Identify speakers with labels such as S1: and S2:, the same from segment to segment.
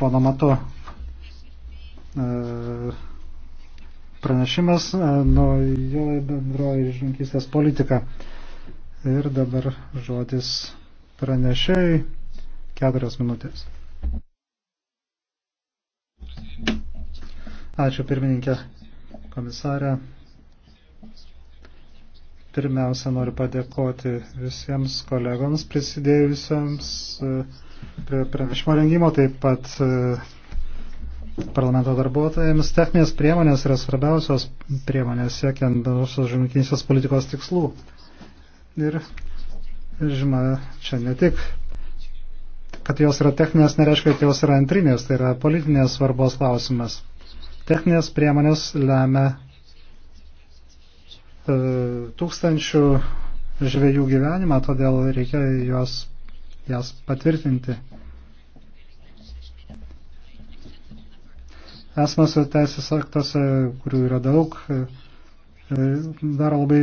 S1: chronomatu. E, pranešimas e, naujoji bendroji žininkystės politika. Ir dabar žodis pranešėjai keturias minutės. Ačiū pirmininkė komisarė. Pirmiausia, noriu padėkoti visiems kolegoms prisidėjusiems uh, prie pranešimo rengimo, taip pat e, parlamento darbuotojams. Techninės priemonės yra svarbiausios priemonės siekiant bendrosios žemkinsios politikos tikslų. Ir, žinoma, čia ne tik, kad jos yra techninės, nereiškia, kad jos yra antrinės, tai yra politinės svarbos klausimas. Techninės priemonės lemia e, tūkstančių žvėjų gyvenimą, todėl reikia juos jas patvirtinti. Esmose teisės aktuose, kurių yra daug, e, e, daro labai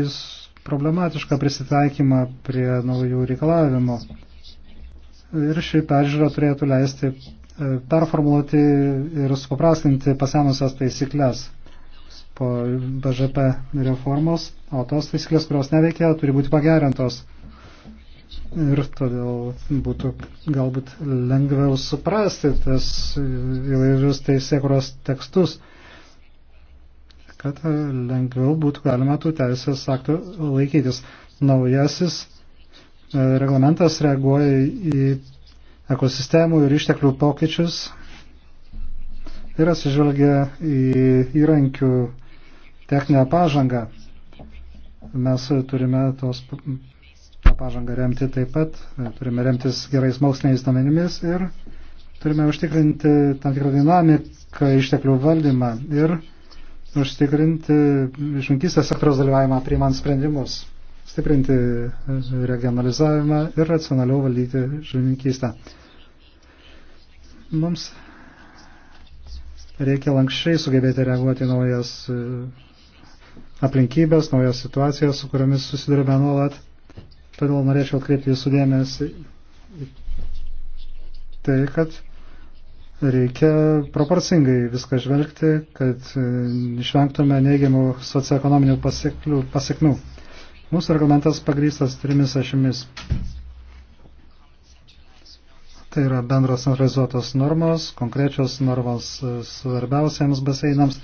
S1: problematišką prisitaikymą prie naujų reikalavimų. Ir šį peržiūrą turėtų leisti e, performuoti ir supaprastinti pasenusias taisyklės po BŽP reformos, o tos taisyklės, kurios neveikia, turi būti pagerintos ir todėl būtų galbūt lengviau suprasti tas įvairius teisėkuros tekstus, kad lengviau būtų galima tų teisės aktų laikytis. Naujasis e, reglamentas reaguoja į ekosistemų ir išteklių pokyčius ir atsižvelgia į įrankių techninę pažangą. Mes turime tos tą pažangą remti taip pat, turime remtis gerais moksliniais duomenimis ir turime užtikrinti tam tikrą dinamiką išteklių valdymą ir užtikrinti išminkystės sektoriaus dalyvavimą priimant sprendimus, stiprinti regionalizavimą ir racionaliau valdyti žuvininkystę. Mums reikia lankščiai sugebėti reaguoti naujas aplinkybės, naujas situacijas, su kuriomis susidurime nuolat. Todėl norėčiau atkreipti jūsų dėmesį į tai, kad reikia proporcingai viską žvelgti, kad e, išvengtume neigiamų socioekonominių pasiekmių. Mūsų argumentas pagrystas trimis ašimis. Tai yra bendros centralizuotos normos, konkrečios normos e, svarbiausiems baseinams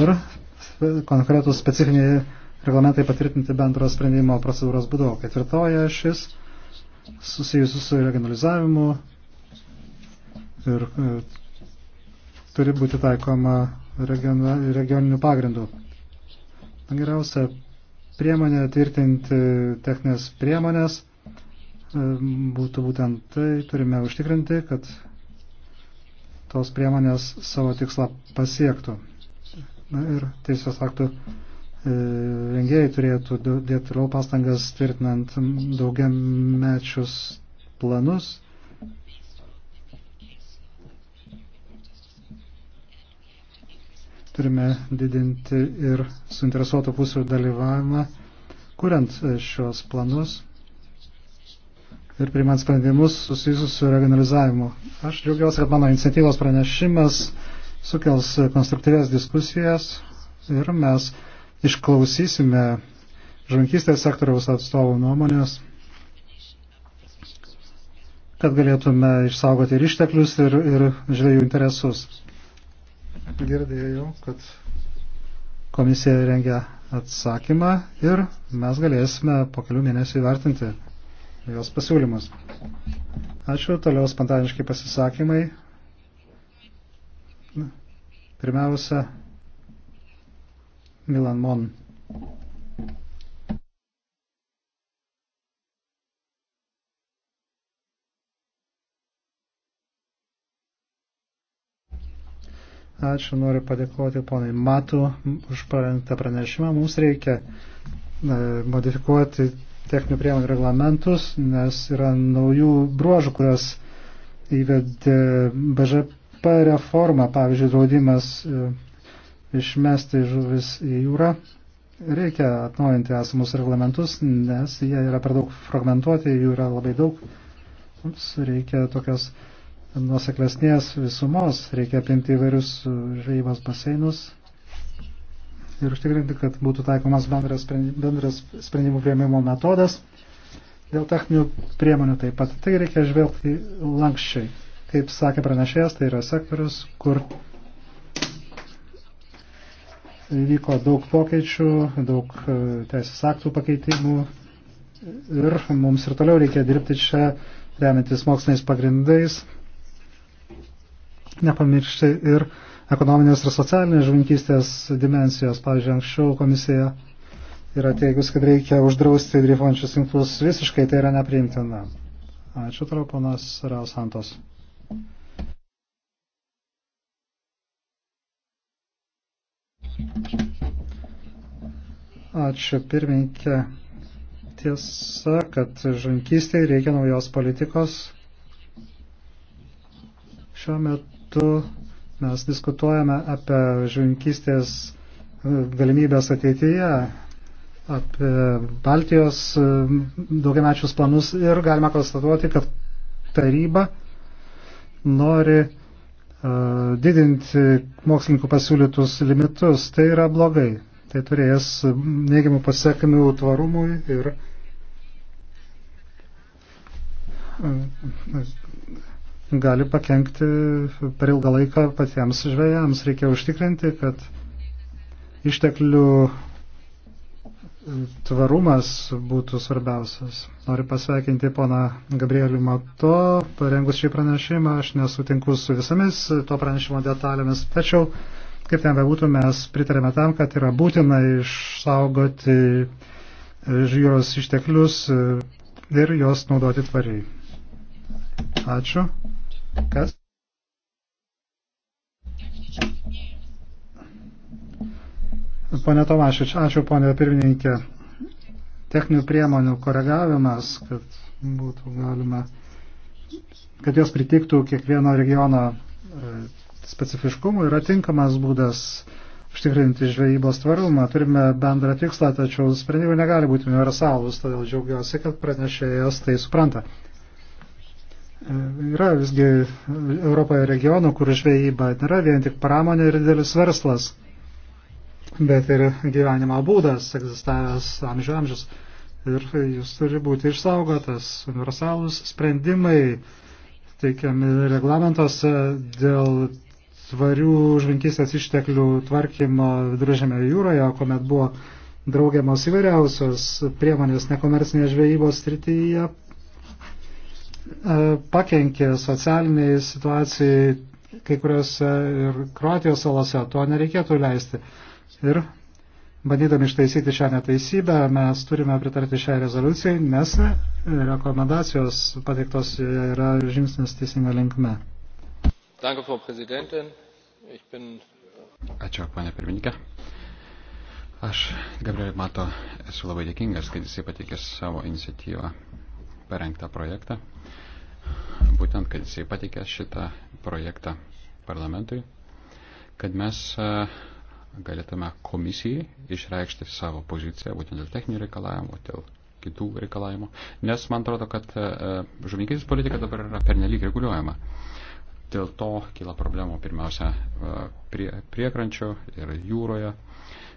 S1: ir e, konkretus specifiniai reglamentai patvirtinti bendro sprendimo procedūros būdu. Ketvirtoje šis susijusiu su regionalizavimu ir e, turi būti taikoma regiona, regioniniu pagrindu. Geriausia priemonė tvirtinti techninės priemonės e, būtų būtent tai, turime užtikrinti, kad tos priemonės savo tikslą pasiektų. Na, ir teisės aktų rengėjai turėtų dėti toliau pastangas tvirtinant daugiamečius planus. Turime didinti ir suinteresuotų pusių dalyvavimą, kuriant e, šios planus ir priimant sprendimus susijusius su regionalizavimu. Aš džiaugiuosi, kad mano iniciatyvos pranešimas sukels konstruktyvės diskusijas ir mes išklausysime žvankystės sektoriaus atstovų nuomonės, kad galėtume išsaugoti ir išteklius, ir, ir žvėjų interesus. Girdėjau, kad komisija rengia atsakymą ir mes galėsime po kelių mėnesių įvertinti jos pasiūlymus. Ačiū, toliau spontaniškai pasisakymai. Pirmiausia, Milan Mon. Ačiū, noriu padėkoti ponai Matu už parengtą pranešimą. Mums reikia e, modifikuoti techninių priemonių reglamentus, nes yra naujų bruožų, kurias įvedė BŽP reforma, pavyzdžiui, draudimas e, išmesti žuvis į jūrą. Reikia atnaujinti esamus reglamentus, nes jie yra per daug fragmentuoti, jų yra labai daug. Mums reikia tokios nuoseklesnės visumos, reikia apimti įvairius žvejybos baseinus ir užtikrinti, kad būtų taikomas bendras, bendras sprendimų prieimimo metodas. Dėl techninių priemonių taip pat. Tai reikia žvelgti lankščiai. Kaip sakė pranešėjas, tai yra sektorius, kur Įvyko daug pokyčių, daug e, teisės aktų pakeitimų ir mums ir toliau reikia dirbti čia, remiantis moksliniais pagrindais, nepamiršti ir ekonominės ir socialinės žuvinkystės dimensijos. Pavyzdžiui, anksčiau komisija yra teigus, kad reikia uždrausti dreifančius tinklus visiškai, tai yra nepriimtina. Ačiū toliau, ponas Rausantos. Ačiū pirmininkė. Tiesa, kad žankystėje reikia naujos politikos. Šiuo metu mes diskutuojame apie žankystės e, galimybės ateityje, apie Baltijos e, daugiamečius planus ir galima konstatuoti, kad taryba nori didinti mokslininkų pasiūlytus limitus, tai yra blogai. Tai turės neigiamų pasiekmių tvarumui ir gali pakenkti per ilgą laiką patiems žvėjams. Reikia užtikrinti, kad išteklių tvarumas būtų svarbiausias. Noriu pasveikinti poną Gabrielių Mato, parengus šį pranešimą, aš nesutinku su visomis to pranešimo detalėmis, tačiau, kaip ten bebūtų, mes pritarėme tam, kad yra būtina išsaugoti jūros išteklius ir juos naudoti tvariai. Ačiū. Kas? Pone Tomašič, ačiū ponė pirmininkė. Techninių priemonių koregavimas, kad būtų galima, kad jos pritiktų kiekvieno regiono e, specifiškumų, yra tinkamas būdas užtikrinti žvejybos tvarumą. Turime bendrą tikslą, tačiau sprendimai negali būti universalūs, todėl džiaugiuosi, kad pranešėjas tai supranta. E, yra visgi Europoje regionų, kur žvejyba nėra vien tik pramonė ir didelis verslas bet ir gyvenimo būdas, egzistavęs amžių amžius. Ir jis turi būti išsaugotas. Universalūs sprendimai teikiami reglamentuose dėl tvarių žvinkystės išteklių tvarkymo viduržėme jūroje, kuomet buvo draugiamos įvairiausios priemonės nekomercinės žvejybos srityje, e, pakenkė socialiniai situacijai kai kuriuose ir Kroatijos salose. To nereikėtų leisti. Ir bandydami ištaisyti šią neteisybę, mes turime pritarti šią rezoliuciją, nes rekomendacijos pateiktos yra žingsnis teisinga linkme.
S2: Ačiū, panė pirmininkė. Aš, Gabrielė Mato, esu labai dėkingas, kad jisai pateikė savo iniciatyvą parengtą projektą. Būtent, kad jisai pateikė šitą projektą parlamentui, kad mes uh, galėtume komisijai išreikšti savo poziciją, būtent dėl techninių reikalavimų, dėl kitų reikalavimų, nes man atrodo, kad e, žuvininkystės politika dabar yra pernelyg reguliuojama. Dėl to kyla problemų pirmiausia e, prie, priekrančio ir jūroje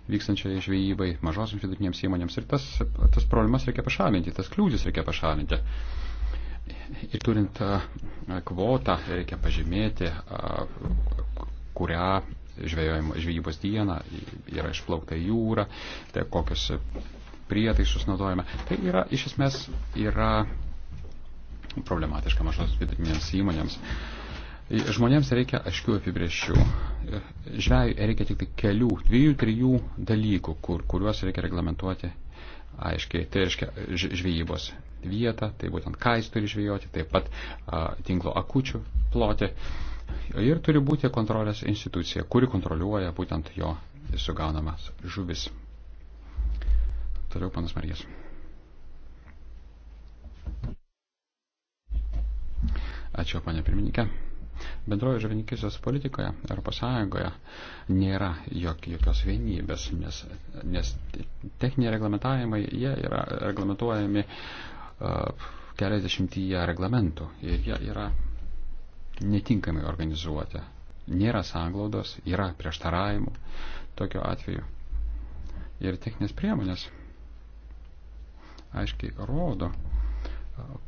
S2: vykstančiai žvejybai, mažosiams vidutinėms įmonėms. Ir tas, tas problemas reikia pašalinti, tas kliūtis reikia pašalinti. Ir turint e, kvotą reikia pažymėti, kurią žvejybos dieną, yra išplaukta jūra, tai kokius prietaisus naudojame. Tai yra, iš esmės, yra problematiška mažos vidutinėms įmonėms. Žmonėms reikia aiškių apibrėžčių. Žvejui reikia tik tai kelių, dviejų, trijų dalykų, kur, kuriuos reikia reglamentuoti aiškiai, tai reiškia žvejybos vietą, tai būtent ką jis turi žvejoti, taip pat a, tinklo akučių plotė. Ir turi būti kontrolės institucija, kuri kontroliuoja būtent jo sugaunamas žuvis. Toliau panas Marijas. Ačiū, panė pirmininkė. Bendrojo žuvininkistės politikoje ES nėra jok, jokios vienybės, nes, nes techniniai reglamentavimai, jie yra reglamentuojami uh, keliasdešimtyje reglamentų ir jie yra netinkamai organizuoti. Nėra sanglaudos, yra prieštaravimų tokiu atveju. Ir techninės priemonės aiškiai rodo,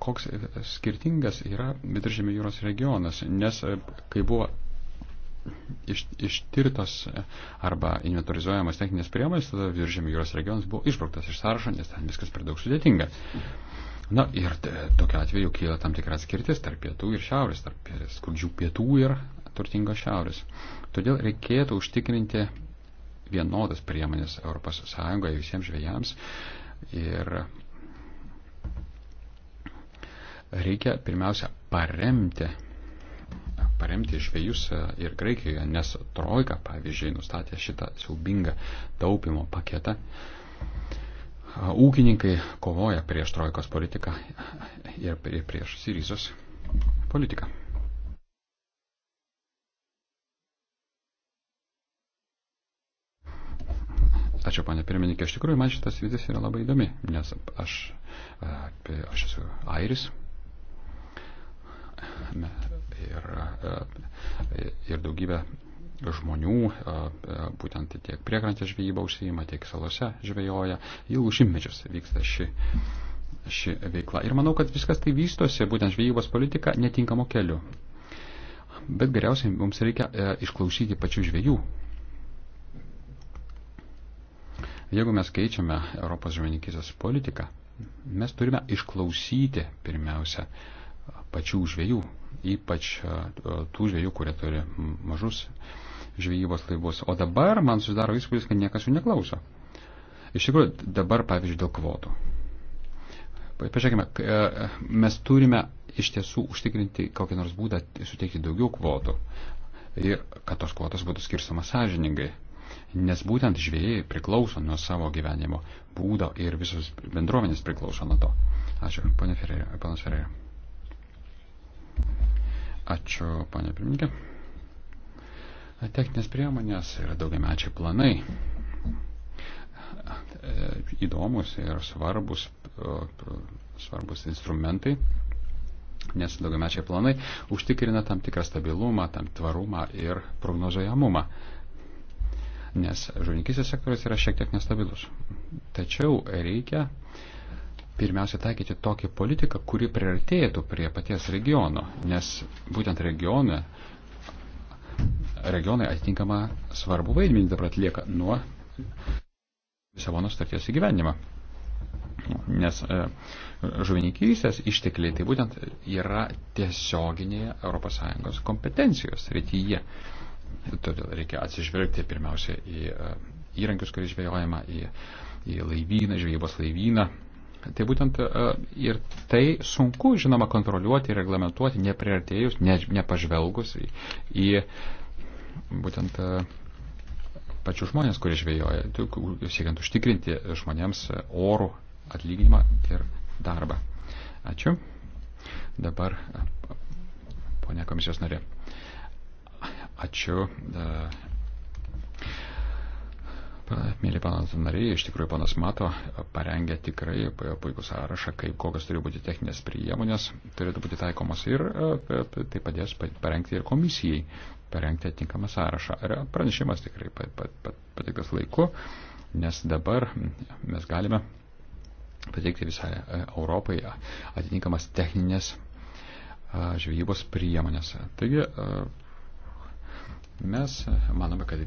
S2: koks skirtingas yra Viduržėmio jūros regionas, nes e, kai buvo iš, ištirtos e, arba inventorizuojamas techninės priemonės, tada Viduržėmio jūros regionas buvo išbrauktas iš sąrašo, nes ten viskas per daug sudėtinga. Na ir e, tokiu atveju kyla tam tikra atskirtis tarp pietų ir šiaurės, tarp skurdžių pietų ir turtingos šiaurės. Todėl reikėtų užtikrinti vienodas priemonės ES visiems žvėjams ir reikia pirmiausia paremti, paremti žvėjus e, ir Graikijoje, nes Trojka, pavyzdžiui, nustatė šitą siaubingą taupimo paketą. Ūkininkai kovoja prieš Trojkos politiką ir prieš Syrizos politiką. Ačiū, panė pirmininkė. Iš tikrųjų, man šitas vidis yra labai įdomi, nes aš, e, aš esu airis, E, e, ir daugybė žmonių, e, būtent tiek priekrantės žvejybą užsijima, tiek salose žvejoja, ilgus šimtmečius vyksta ši, ši veikla. Ir manau, kad viskas tai vystosi, būtent žvejybos politika netinkamo keliu. Bet geriausiai mums reikia e, išklausyti pačių žvėjų. Jeigu mes keičiame Europos žvejininkysės politiką, mes turime išklausyti pirmiausia pačių žvėjų, ypač tų žvėjų, kurie turi mažus žvejybos laivus. O dabar man susidaro įspūdis, kad niekas jų neklauso. Iš tikrųjų, dabar, pavyzdžiui, dėl kvotų. Pažiūrėkime, mes turime iš tiesų užtikrinti kokį nors būdą suteikti daugiau kvotų ir kad tos kvotos būtų skirstamas sąžiningai. Nes būtent žvėjai priklauso nuo savo gyvenimo būdo ir visos bendruomenės priklauso nuo to. Ačiū, ponas Ferreira. Ačiū, panė pirmininkė. Techninės priemonės yra daugiamečiai planai. Įdomus ir svarbus, svarbus instrumentai, nes daugiamečiai planai užtikrina tam tikrą stabilumą, tam tvarumą ir prognozuojamumą. Nes žuvininkysės sektorius yra šiek tiek nestabilus. Tačiau reikia uh, pirmiausia taikyti tokią politiką, kuri priartėtų prie paties regiono, nes būtent regione, regionai atitinkama svarbu vaidmenį dabar atlieka nuo Lisabono starties įgyvenimą. Nes e, žuvininkystės ištekliai tai būtent yra tiesioginėje ES kompetencijos rytyje. Todėl reikia atsižvelgti pirmiausia į e, įrankius, kurie žvejojama, į, į laivyną, žvejybos laivyną, Tai būtent e, ir tai sunku, žinoma, kontroliuoti, reglamentuoti, nepriartėjus, ne, nepažvelgus į, į būtent e, pačių žmonės, kurie žvejoja, siekiant užtikrinti žmonėms orų atlyginimą ir darbą. Ačiū. Dabar, e, ponia komisijos narė, ačiū. Mėly panas nariai, iš tikrųjų panas Mato parengė tikrai puikų sąrašą, kaip kokios turi būti techninės priemonės, turėtų būti taikomas ir tai padės parengti ir komisijai, parengti atitinkamą sąrašą. Pranešimas tikrai pateiktas laiku, nes dabar mes galime pateikti visai e, Europai atitinkamas techninės e, žvejybos priemonės. Taigi mes manome, kad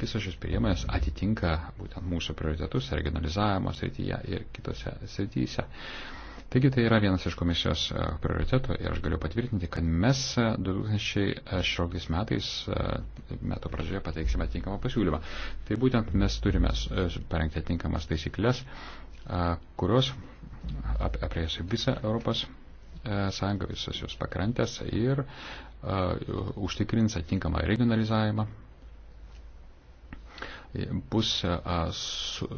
S2: Visos šios priemonės atitinka būtent mūsų prioritetus regionalizavimo srityje ir kitose srityse. Taigi tai yra vienas iš komisijos e, prioritetų ir aš galiu patvirtinti, kad mes 2016 e, metais, e, metų pradžioje, pateiksime atinkamą pasiūlymą. Tai būtent mes turime parengti atinkamas taisyklės, kurios apriesi visą Europos sąjungą, visas jos pakrantės ir uh, užtikrins atinkamą regionalizavimą bus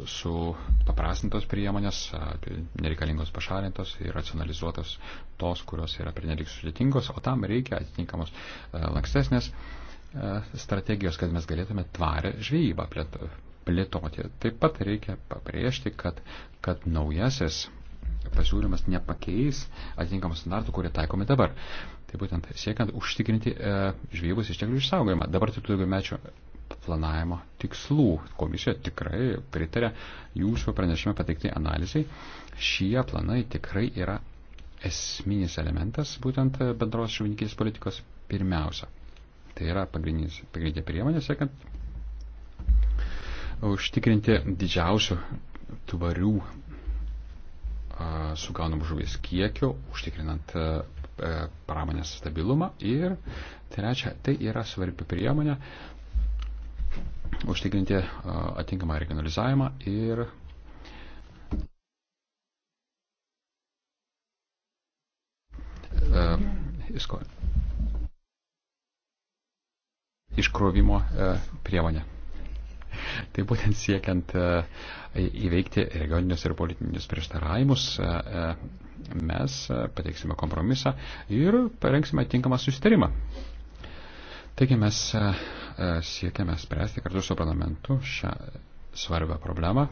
S2: supaprastintos su, su priemonės, tai nereikalingos pašalintos ir racionalizuotos tos, kurios yra pernelik sudėtingos, o tam reikia atitinkamos lankstesnės strategijos, kad mes galėtume tvarę žvejybą plėtoti. Taip pat reikia pabrėžti, kad, kad naujasis pasiūlymas nepakeis atitinkamų standartų, kurie taikomi dabar. Tai būtent siekiant užtikrinti e, žvejybos išteklių išsaugojimą. Dabar tik daugiamečio planavimo tikslų. Komisija tikrai pritarė jūsų pranešime pateikti analizai. Šie planai tikrai yra esminis elementas būtent bendros žuvininkės politikos pirmiausia. Tai yra pagrindinė priemonė, siekiant užtikrinti didžiausių tvarių sugaunamų žuvies kiekio, užtikrinant pramonės stabilumą. Ir trečia, tai yra svarbi priemonė užtikrinti atinkamą regionalizavimą ir iškrovimo priemonę. Tai būtent siekiant įveikti regioninius ir politinius prieštaravimus, mes pateiksime kompromisą ir parengsime tinkamą susitarimą Taigi mes e, e, siekiame spręsti kartu su parlamentu šią svarbią problemą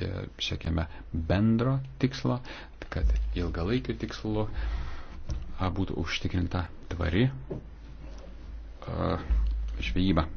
S2: ir siekiame bendro tikslo, kad ilgalaikiu tikslu būtų užtikrinta tvari e,
S1: žvejyba.